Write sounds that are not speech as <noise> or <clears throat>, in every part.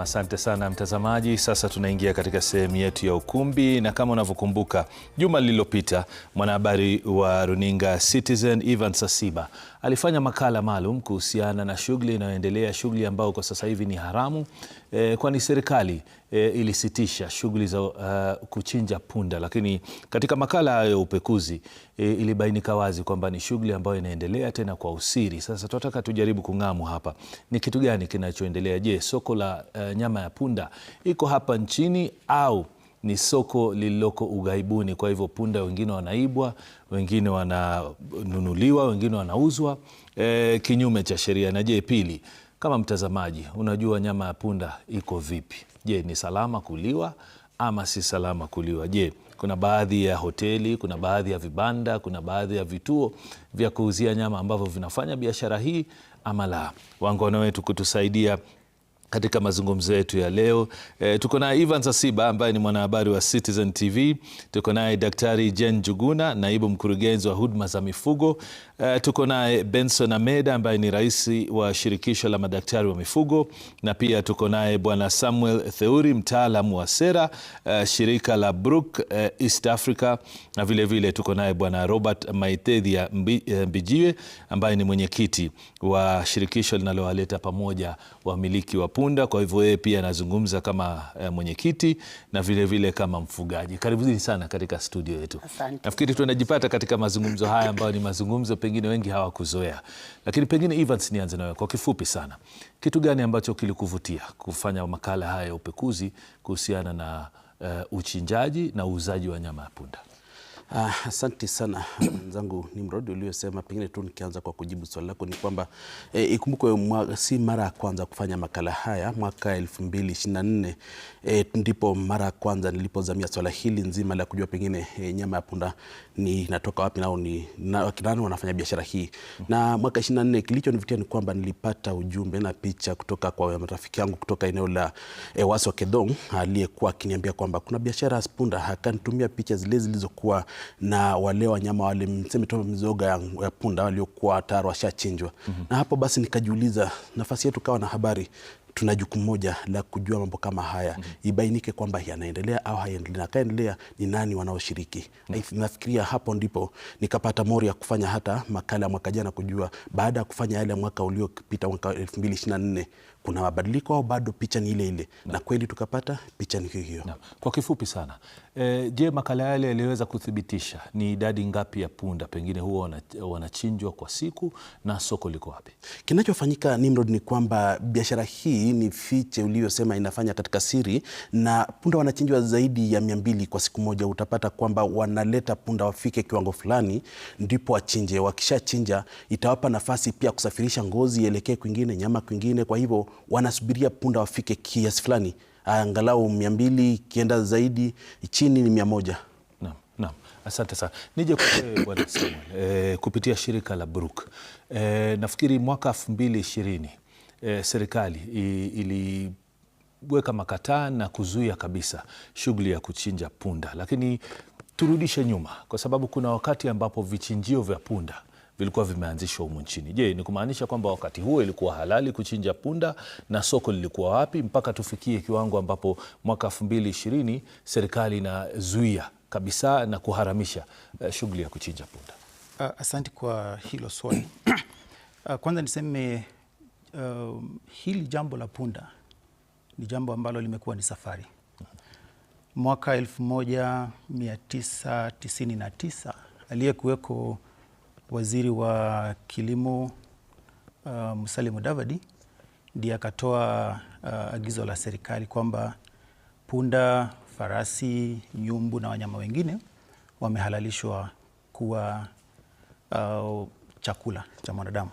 asante sana mtazamaji. Sasa tunaingia katika sehemu yetu ya ukumbi, na kama unavyokumbuka, juma lililopita mwanahabari wa runinga Citizen Ivan Sasiba alifanya makala maalum kuhusiana na shughuli inayoendelea, shughuli ambayo kwa sasa hivi ni haramu e, kwani serikali e, ilisitisha shughuli za uh, kuchinja punda, lakini katika makala hayo ya upekuzi e, ilibainika wazi kwamba ni shughuli ambayo inaendelea tena kwa usiri. Sasa tunataka tujaribu kung'amu hapa ni kitu gani kinachoendelea. Je, soko la uh, nyama ya punda iko hapa nchini au ni soko lililoko ughaibuni. Kwa hivyo punda wengine wanaibwa, wengine wananunuliwa, wengine wanauzwa e, kinyume cha sheria. Na je, pili, kama mtazamaji unajua nyama ya punda iko vipi? Je, ni salama kuliwa ama si salama kuliwa? Je, kuna baadhi ya hoteli, kuna baadhi ya vibanda, kuna baadhi ya vituo vya kuuzia nyama ambavyo vinafanya biashara hii ama la? Wangwana wetu kutusaidia katika mazungumzo yetu ya leo e, tuko naye Evans Asiba ambaye ni mwanahabari wa Citizen TV. Tuko naye Daktari Jen Juguna, naibu mkurugenzi wa huduma za mifugo. E, tuko naye Benson Ameda ambaye ni rais wa shirikisho la madaktari wa mifugo, na pia tuko naye Bwana Samuel Theuri, mtaalamu wa sera e, shirika la Brook e, East Africa, na vilevile tuko naye Bwana Robert Maitedhia e, Mbijiwe ambaye ni mwenyekiti wa shirikisho linalowaleta pamoja wamiliki wa punda. Kwa hivyo yeye pia anazungumza kama eh, mwenyekiti na vilevile vile kama mfugaji. Karibuni sana katika studio yetu. Nafikiri tunajipata katika mazungumzo haya ambayo ni mazungumzo pengine wengi hawakuzoea, lakini pengine Evans, nianze nawe kwa kifupi sana, kitu gani ambacho kilikuvutia kufanya makala haya ya upekuzi kuhusiana na uh, uchinjaji na uuzaji wa nyama ya punda? Ah, asante sana sana ah, mwenzangu Nimrod, uliosema pengine tu nikianza kwa kujibu swali lako ni kwamba e, eh, ikumbukwe si mara ya kwanza kufanya makala haya. Mwaka 2024 e, eh, ndipo mara ya kwanza nilipozamia swala hili nzima la kujua pengine e, nyama ya punda ni natoka wapi nao ni na, kinani wanafanya biashara hii mm -hmm. na mwaka 24 kilichonivutia ni kwamba nilipata ujumbe na picha kutoka kwa marafiki yangu kutoka eneo la e, Waso Kedong aliyekuwa akiniambia kwamba kuna biashara ya punda, akanitumia picha zile zilizokuwa na wale wanyama wale mseme tu mizoga ya, ya punda waliokuwa tayari washachinjwa mm -hmm. na hapo basi nikajiuliza, nafasi yetu kawa na habari tuna jukumu moja la kujua mambo kama haya mm -hmm. ibainike kwamba yanaendelea au hayaendelei, na kaendelea ni nani wanaoshiriki. mm -hmm. Nafikiria hapo ndipo nikapata mori ya kufanya hata makala ya mwaka jana, kujua baada ya kufanya yale mwaka uliopita mwaka 2024 kuna mabadiliko au bado picha ni ile ile? Na, na kweli tukapata picha ni hiyo hiyo. Kwa kifupi sana e, je, makala yale yaliweza kuthibitisha ni idadi ngapi ya punda pengine huwa wanachinjwa kwa siku na soko liko wapi? Kinachofanyika Nimrod ni kwamba biashara hii ni fiche uliyosema inafanya katika siri, na punda wanachinjwa zaidi ya mia mbili kwa siku moja. Utapata kwamba wanaleta punda wafike kiwango fulani ndipo wachinje. Wakishachinja itawapa nafasi pia kusafirisha ngozi ielekee kwingine, nyama kwingine, kwa hivyo wanasubiria punda wafike kiasi fulani, angalau mia mbili ikienda zaidi chini ni mia moja. Naam, naam. Asante sana. Nije kwa Bwana Samuel e, kupitia shirika la Brook e, nafikiri mwaka elfu mbili ishirini e, serikali ili weka makataa na kuzuia kabisa shughuli ya kuchinja punda, lakini turudishe nyuma, kwa sababu kuna wakati ambapo vichinjio vya punda vilikuwa vimeanzishwa humu nchini. Je, ni kumaanisha kwamba wakati huo ilikuwa halali kuchinja punda na soko lilikuwa wapi mpaka tufikie kiwango ambapo mwaka 2020 serikali inazuia kabisa na kuharamisha uh, shughuli ya kuchinja punda? Uh, asante kwa hilo swali. Uh, <coughs> kwanza niseme uh, hili jambo la punda ni jambo ambalo limekuwa ni safari. Mwaka 1999 aliyekuweko waziri wa kilimo uh, Musalia Mudavadi ndiye akatoa uh, agizo la serikali kwamba punda, farasi, nyumbu na wanyama wengine wamehalalishwa kuwa uh, chakula cha mwanadamu.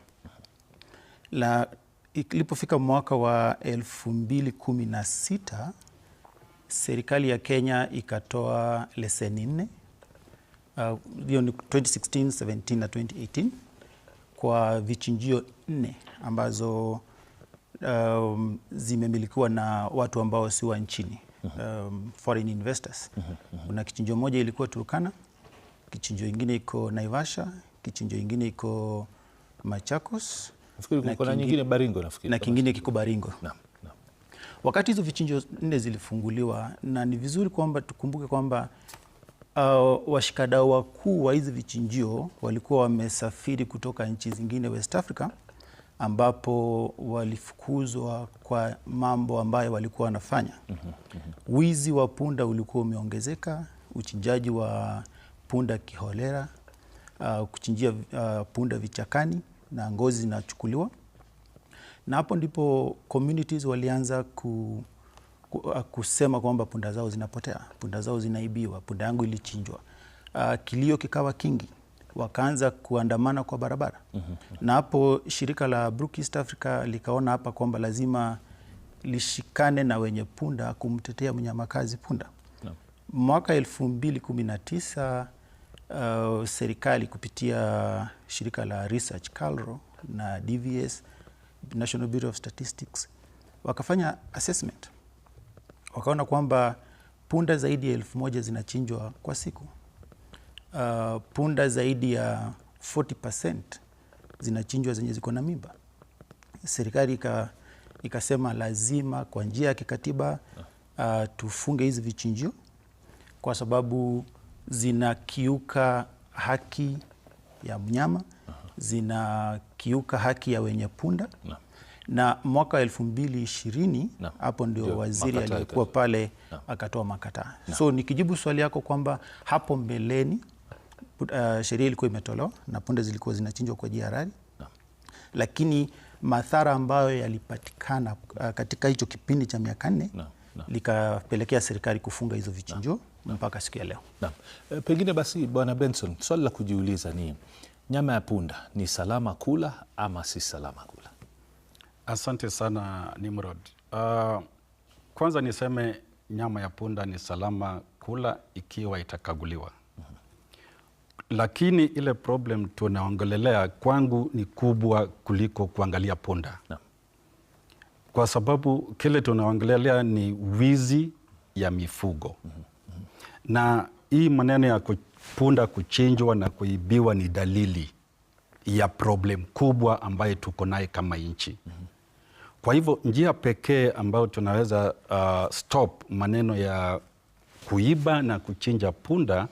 La ilipofika mwaka wa elfu mbili kumi na sita serikali ya Kenya ikatoa leseni nne Uh, hiyo uh, ni 2016, 17 na 2018 kwa vichinjio nne ambazo um, zimemilikiwa na watu ambao si wa nchini um, foreign investors. Kuna kichinjio moja ilikuwa Turkana, kichinjio ingine iko Naivasha, kichinjio ingine iko Machakos na kingine Baringo, nafikiri na kingine kiko Baringo. Wakati hizo vichinjio nne zilifunguliwa, na ni vizuri kwamba tukumbuke kwamba uh, washikadau wakuu wa hizi vichinjio walikuwa wamesafiri kutoka nchi zingine West Africa, ambapo walifukuzwa kwa mambo ambayo walikuwa wanafanya. mm -hmm, Wizi wa punda ulikuwa umeongezeka, uchinjaji wa punda kiholera uh, kuchinjia uh, punda vichakani na ngozi zinachukuliwa, na hapo ndipo communities walianza ku Ah, kusema kwamba punda zao zinapotea, punda zao zinaibiwa, punda yangu ilichinjwa. Uh, kilio kikawa kingi, wakaanza kuandamana kwa barabara mm -hmm. na hapo shirika la Brook East Africa likaona hapa kwamba lazima lishikane na wenye punda kumtetea mnyamakazi punda no. Mwaka elfu mbili kumi na tisa uh, serikali kupitia shirika la research Calro na DVS National Bureau of Statistics wakafanya assessment wakaona kwamba punda zaidi ya elfu moja zinachinjwa kwa siku. Uh, punda zaidi ya 40% zinachinjwa zenye ziko na mimba. Serikali ikasema lazima kwa njia ya kikatiba uh, tufunge hizi vichinjio kwa sababu zinakiuka haki ya mnyama, zinakiuka haki ya wenye punda na na mwaka wa elfu mbili ishirini hapo ndio waziri aliyekuwa pale akatoa makataa. So nikijibu swali yako kwamba hapo mbeleni uh, sheria ilikuwa imetolewa na punde zilikuwa zinachinjwa kwa jiarari, lakini madhara ambayo yalipatikana uh, katika hicho kipindi cha miaka nne likapelekea serikali kufunga hizo vichinjio mpaka siku ya leo. Naam. E, pengine basi Bwana Benson, swali la kujiuliza ni nyama ya punda ni salama kula ama si salama kula? Asante sana Nimrod. Uh, kwanza niseme nyama ya punda ni salama kula ikiwa itakaguliwa. Lakini ile problem tunaongelelea kwangu ni kubwa kuliko kuangalia punda no. Kwa sababu kile tunaongelelea ni wizi ya mifugo mm -hmm. na hii maneno ya punda kuchinjwa na kuibiwa ni dalili ya problem kubwa ambayo tuko naye kama nchi mm -hmm. Kwa hivyo njia pekee ambayo tunaweza uh, stop maneno ya kuiba na kuchinja punda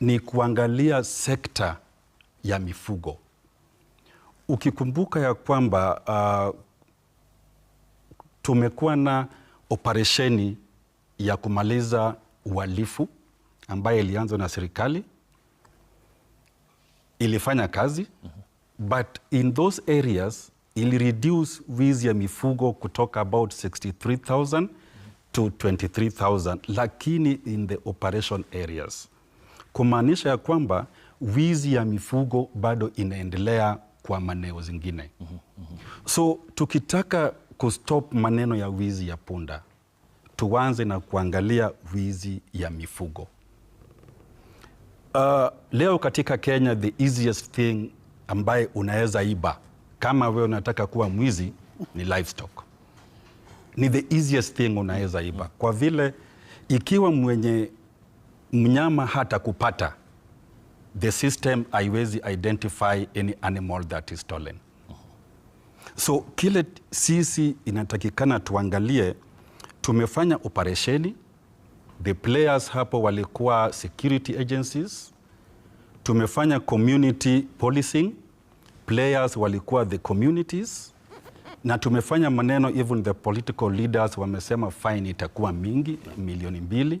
ni kuangalia sekta ya mifugo, ukikumbuka ya kwamba uh, tumekuwa na operesheni ya kumaliza uhalifu ambayo ilianza na serikali, ilifanya kazi, but in those areas ili reduce wizi ya mifugo kutoka about 63000 to 23000 lakini in the operation areas, kumaanisha ya kwamba wizi ya mifugo bado inaendelea kwa maneo zingine. mm -hmm, So tukitaka kustop maneno ya wizi ya punda, tuanze na kuangalia wizi ya mifugo. Uh, leo katika Kenya the easiest thing ambaye unaweza iba kama wewe unataka kuwa mwizi ni livestock, ni the easiest thing unaweza iba, kwa vile ikiwa mwenye mnyama hata kupata the system haiwezi identify any animal that is stolen. So kile sisi inatakikana tuangalie, tumefanya operesheni, the players hapo walikuwa security agencies, tumefanya community policing players walikuwa the communities, na tumefanya maneno, even the political leaders wamesema fine itakuwa mingi milioni mbili,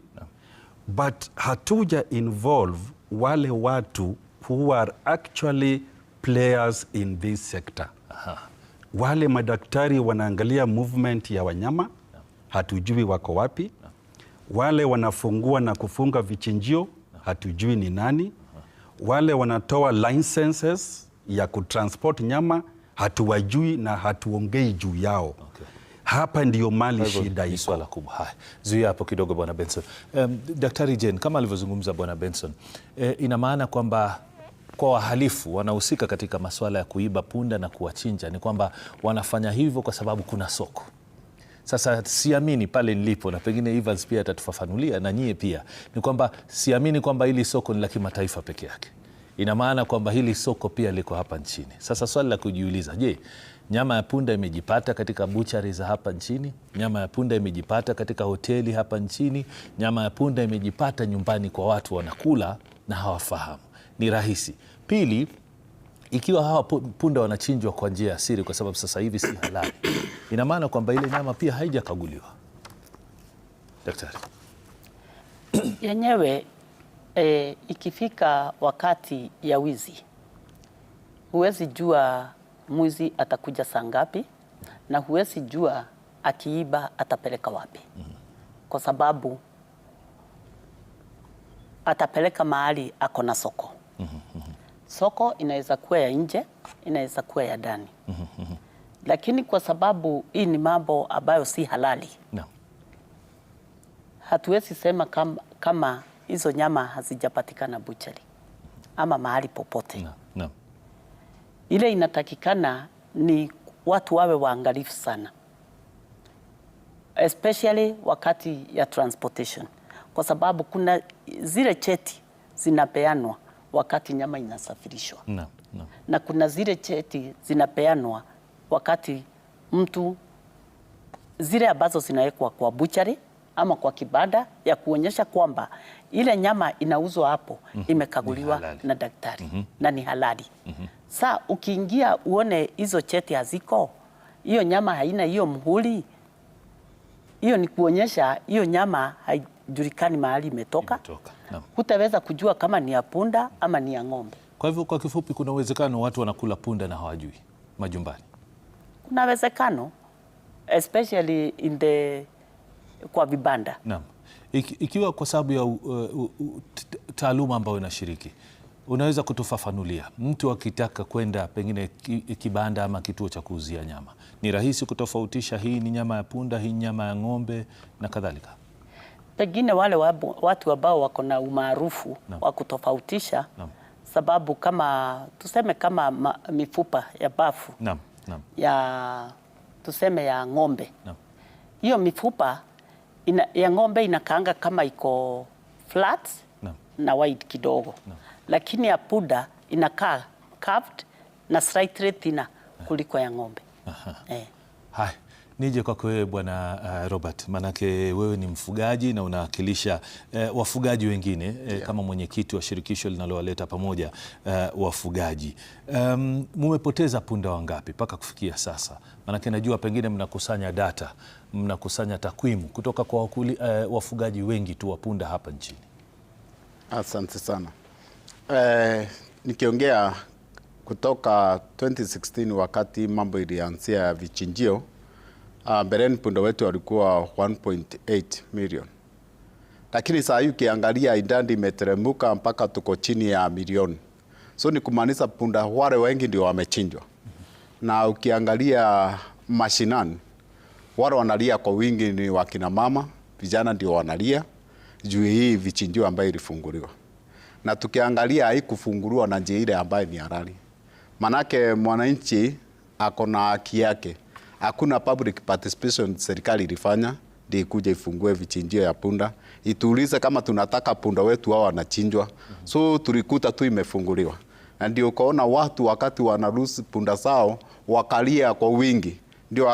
but hatuja involve wale watu who are actually players in this sector. Aha. Wale madaktari wanaangalia movement ya wanyama hatujui wako wapi. Wale wanafungua na kufunga vichinjio hatujui ni nani. Wale wanatoa licenses ya kutransport nyama hatuwajui na hatuongei juu yao. Okay. Hapa ndiyo mali shida iko. Swala kubwa. Haya, zuia hapo kidogo bwana Benson. Um, Daktari Jane, kama alivyozungumza bwana Benson, e, ina maana kwamba kwa wahalifu wanahusika katika masuala ya kuiba punda na kuwachinja, ni kwamba wanafanya hivyo kwa sababu kuna soko. Sasa siamini pale nilipo, na pengine Evans pia atatufafanulia na nyie pia, ni kwamba siamini kwamba hili soko ni la kimataifa peke yake ina maana kwamba hili soko pia liko hapa nchini. Sasa swali la kujiuliza, je, nyama ya punda imejipata katika buchari za hapa nchini? Nyama ya punda imejipata katika hoteli hapa nchini? Nyama ya punda imejipata nyumbani kwa watu wanakula na hawafahamu? Ni rahisi. Pili, ikiwa hawa punda wanachinjwa kwa njia ya siri, kwa sababu sasa hivi si halali, ina maana kwamba ile nyama pia haijakaguliwa, daktari yenyewe e, ikifika wakati ya wizi, huwezi jua mwizi atakuja saa ngapi, na huwezi jua akiiba atapeleka wapi, mm-hmm. kwa sababu atapeleka mahali ako na soko. Mm-hmm. Soko inaweza kuwa ya nje, inaweza kuwa ya ndani, mm-hmm. lakini kwa sababu hii ni mambo ambayo si halali no. Hatuwezi sema kama, kama hizo nyama hazijapatikana buchari ama mahali popote no, no. Ile inatakikana ni watu wawe waangalifu sana, especially wakati ya transportation, kwa sababu kuna zile cheti zinapeanwa wakati nyama inasafirishwa no, no. Na kuna zile cheti zinapeanwa wakati mtu zile ambazo zinawekwa kwa buchari ama kwa kibanda ya kuonyesha kwamba ile nyama inauzwa hapo mm -hmm. imekaguliwa na daktari mm -hmm. na ni halali mm -hmm. Saa ukiingia uone hizo cheti haziko, hiyo nyama haina hiyo mhuri, hiyo ni kuonyesha hiyo nyama haijulikani mahali imetoka, hutaweza kujua kama ni ya punda ama ni ya ng'ombe. Kwa hivyo kwa kifupi, kuna uwezekano watu wanakula punda na hawajui majumbani, kuna uwezekano especially in the kwa vibanda. Naam. Iki, ikiwa kwa sababu ya uh, taaluma ambayo inashiriki unaweza kutufafanulia, mtu akitaka kwenda pengine kibanda ama kituo cha kuuzia nyama, ni rahisi kutofautisha hii ni nyama ya punda, hii nyama ya ng'ombe na kadhalika? Pengine wale wabu, watu ambao wako na umaarufu wa kutofautisha Naam. Sababu kama tuseme kama ma, mifupa ya bafu Naam. Naam. ya tuseme ya ng'ombe Naam. hiyo mifupa ina, ya ng'ombe inakaanga kama iko flat no. na wide kidogo no. lakini ya puda inakaa curved na slightly thinner kuliko ya ng'ombe eh. Hai, nije kwako wewe bwana uh, Robert, maanake wewe ni mfugaji na unawakilisha uh, wafugaji wengine uh, eh, yeah. kama mwenyekiti wa shirikisho linalowaleta pamoja uh, wafugaji um, mumepoteza punda wangapi mpaka kufikia sasa? Maanake najua pengine mnakusanya data mnakusanya takwimu kutoka kwa wakuli, uh, wafugaji wengi tu wa punda hapa nchini? Asante sana. Eh, nikiongea kutoka 2016 wakati mambo ilianzia ya vichinjio ah, mbeleni, uh, punda wetu walikuwa 1.8 million, lakini saa hii ukiangalia idadi imeteremuka mpaka tuko chini ya milioni. So ni kumaanisha punda wale wengi ndio wamechinjwa, na ukiangalia mashinani wale wanalia kwa wingi ni wakina mama, vijana ndio wanalia juu hii vichinjio ambayo ilifunguliwa, na tukiangalia haikufunguliwa na njia ile ambayo ni halali, manake mwananchi ako na haki yake. Hakuna public participation serikali ilifanya ndio ikuja ifungue vichinjio ya punda, ituulize kama tunataka punda wetu hao wanachinjwa. So tulikuta tu imefunguliwa, na ndio ukaona watu wakati wanarusi punda zao wakalia kwa wingi ndio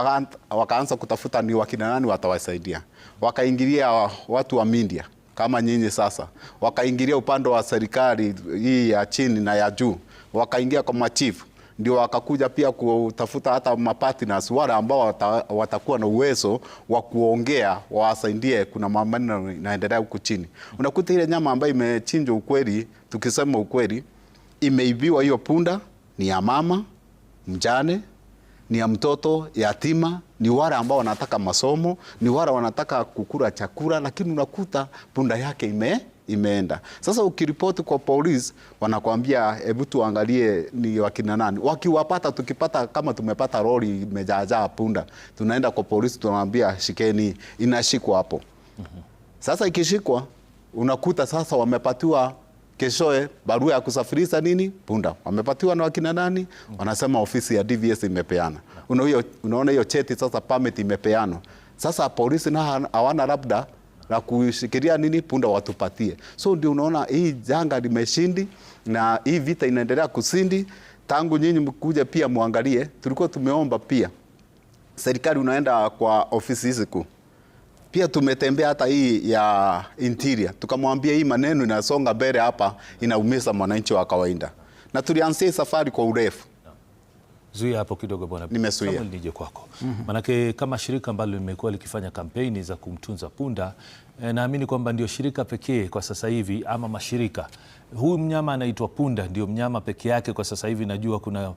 wakaanza kutafuta ni wakina nani watawasaidia, wakaingilia watu wa mindia kama nyinyi sasa, wakaingilia upande wa serikali hii ya chini na ya juu, wakaingia kwa machifu, ndio wakakuja pia kutafuta hata mapartners wale ambao wata, watakuwa na uwezo wa kuongea wawasaidie. Kuna maneno inaendelea huku chini, unakuta ile nyama ambayo imechinjwa, ukweli, tukisema ukweli, imeibiwa. Hiyo punda ni ya mama mjane ni ya mtoto yatima, ni wale ambao wanataka masomo, ni wale wanataka kukula chakula, lakini unakuta punda yake ime imeenda. Sasa ukiripoti kwa polisi, wanakwambia hebu tuangalie ni wakina nani. Wakiwapata, tukipata kama tumepata roli imejajaa punda, tunaenda kwa polisi, tunawaambia shikeni, inashikwa hapo. Mhm. Sasa ikishikwa unakuta sasa wamepatiwa keshoe barua ya kusafirisha nini punda wamepatiwa na wakina nani? Wanasema ofisi ya DVS imepeana. Unaona unaona hiyo cheti sasa, permit imepeana sasa, polisi na hawana labda la kushikilia nini punda watupatie. So ndio unaona hii janga limeshindi na hii vita inaendelea kusindi. Tangu nyinyi mkuja pia muangalie, tulikuwa tumeomba pia serikali, unaenda kwa ofisi hizi kuu pia tumetembea hata hii ya interior, tukamwambia hii maneno inasonga mbele hapa, inaumiza mwananchi wa kawaida, na tulianzia safari kwa urefu. Zuia hapo kidogo bwana, nimezuia nije kwako. Mhm. Manake kama shirika ambalo limekuwa likifanya kampeni za kumtunza punda e, naamini kwamba ndio shirika pekee kwa sasa hivi ama mashirika, huyu mnyama anaitwa punda, ndio mnyama peke yake kwa sasa hivi najua kuna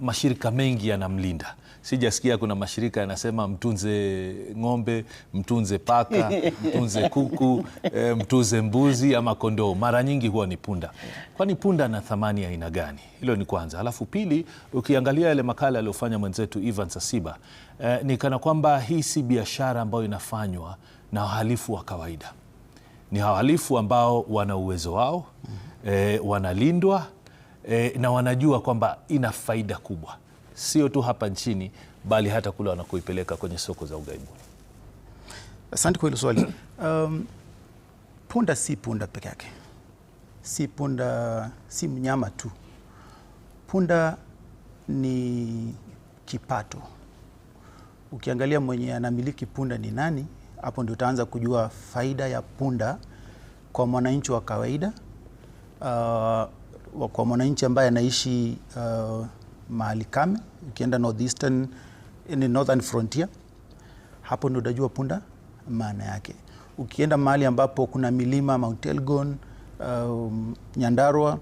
mashirika mengi yanamlinda. Sijasikia kuna mashirika yanasema mtunze ng'ombe, mtunze paka, <laughs> mtunze kuku, e, mtunze mbuzi ama kondoo. Mara nyingi huwa ni punda. Kwani punda na thamani ya aina gani? Hilo ni kwanza. alafu pili, ukiangalia yale makala aliyofanya mwenzetu Ivan Sasiba, e, ni kana kwamba hii si biashara ambayo inafanywa na wahalifu wa kawaida. Ni wahalifu ambao wana uwezo wao, e, wanalindwa e, na wanajua kwamba ina faida kubwa sio tu hapa nchini bali hata kule wanakoipeleka kwenye soko za ughaibuni. Asante kwa hilo swali. <clears throat> Um, punda si punda peke yake, si punda, si mnyama tu. Punda ni kipato. Ukiangalia mwenye anamiliki punda ni nani, hapo ndio utaanza kujua faida ya punda kwa mwananchi wa kawaida uh, kwa mwananchi ambaye anaishi uh, mahali kame, ukienda northeastern in northern frontier, hapo ndio utajua punda maana yake. Ukienda mahali ambapo kuna milima Mount Elgon, um, Nyandarua,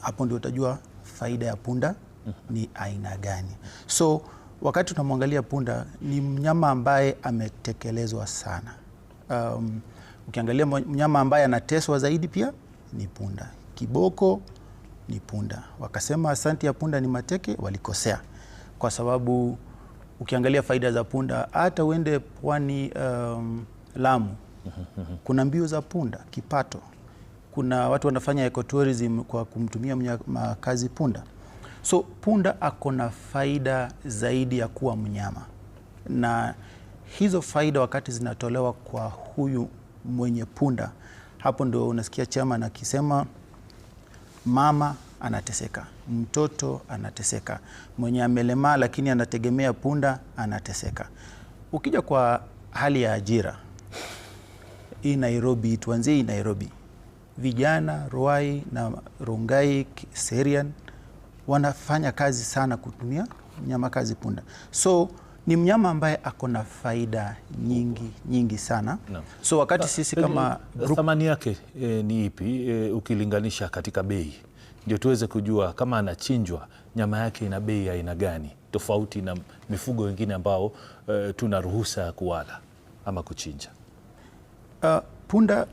hapo ndio utajua faida ya punda ni aina gani. So wakati tunamwangalia punda ni mnyama ambaye ametekelezwa sana. Um, ukiangalia mnyama ambaye anateswa zaidi pia ni punda. Kiboko ni punda. Wakasema asanti ya punda ni mateke, walikosea kwa sababu ukiangalia faida za punda hata uende pwani um, Lamu kuna mbio za punda, kipato. Kuna watu wanafanya ecotourism kwa kumtumia makazi punda, so punda ako na faida zaidi ya kuwa mnyama, na hizo faida wakati zinatolewa kwa huyu mwenye punda, hapo ndio unasikia chama na kisema mama anateseka, mtoto anateseka, mwenye amelemaa lakini anategemea punda anateseka. Ukija kwa hali ya ajira hii Nairobi, tuanzie hii Nairobi, vijana Ruai na Rongai serian wanafanya kazi sana kutumia mnyama kazi punda so ni mnyama ambaye ako na faida nyingi nyingi sana no. So wakati sisi kama eh, group... thamani yake e, ni ipi e, ukilinganisha katika bei, ndio tuweze kujua kama anachinjwa nyama yake ina bei ya aina gani tofauti na mifugo wengine ambao e, tuna ruhusa ya kuwala ama kuchinja. Uh, punda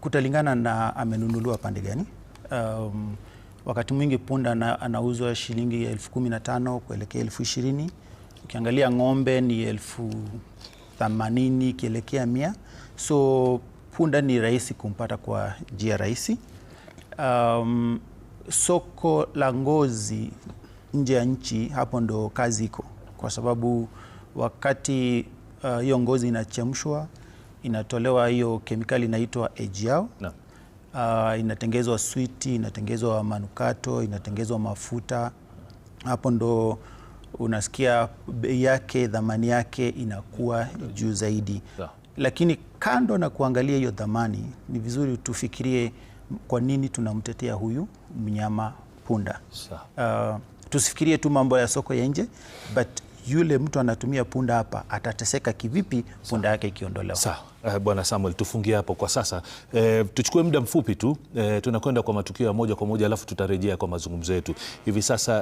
kutalingana na amenunuliwa pande gani. Um, wakati mwingi punda anauzwa shilingi elfu kumi na tano kuelekea elfu ishirini ukiangalia ng'ombe ni elfu themanini ikielekea mia, so punda ni rahisi kumpata kwa njia rahisi. Um, soko la ngozi nje ya nchi, hapo ndo kazi iko, kwa sababu wakati uh, hiyo uh, ngozi inachemshwa inatolewa hiyo kemikali inaitwa ejiao no. Uh, inatengezwa switi, inatengezwa manukato, inatengezwa mafuta, hapo ndo unasikia bei yake, dhamani yake inakuwa juu zaidi. Lakini kando na kuangalia hiyo dhamani, ni vizuri tufikirie kwa nini tunamtetea huyu mnyama punda. Uh, tusifikirie tu mambo ya soko ya nje but yule mtu anatumia punda hapa atateseka kivipi punda yake ikiondolewa? Sawa, eh, Bwana Samuel, tufungie hapo kwa sasa. E, tuchukue muda mfupi tu, e, tunakwenda kwa matukio ya moja kwa moja alafu tutarejea kwa mazungumzo yetu hivi sasa.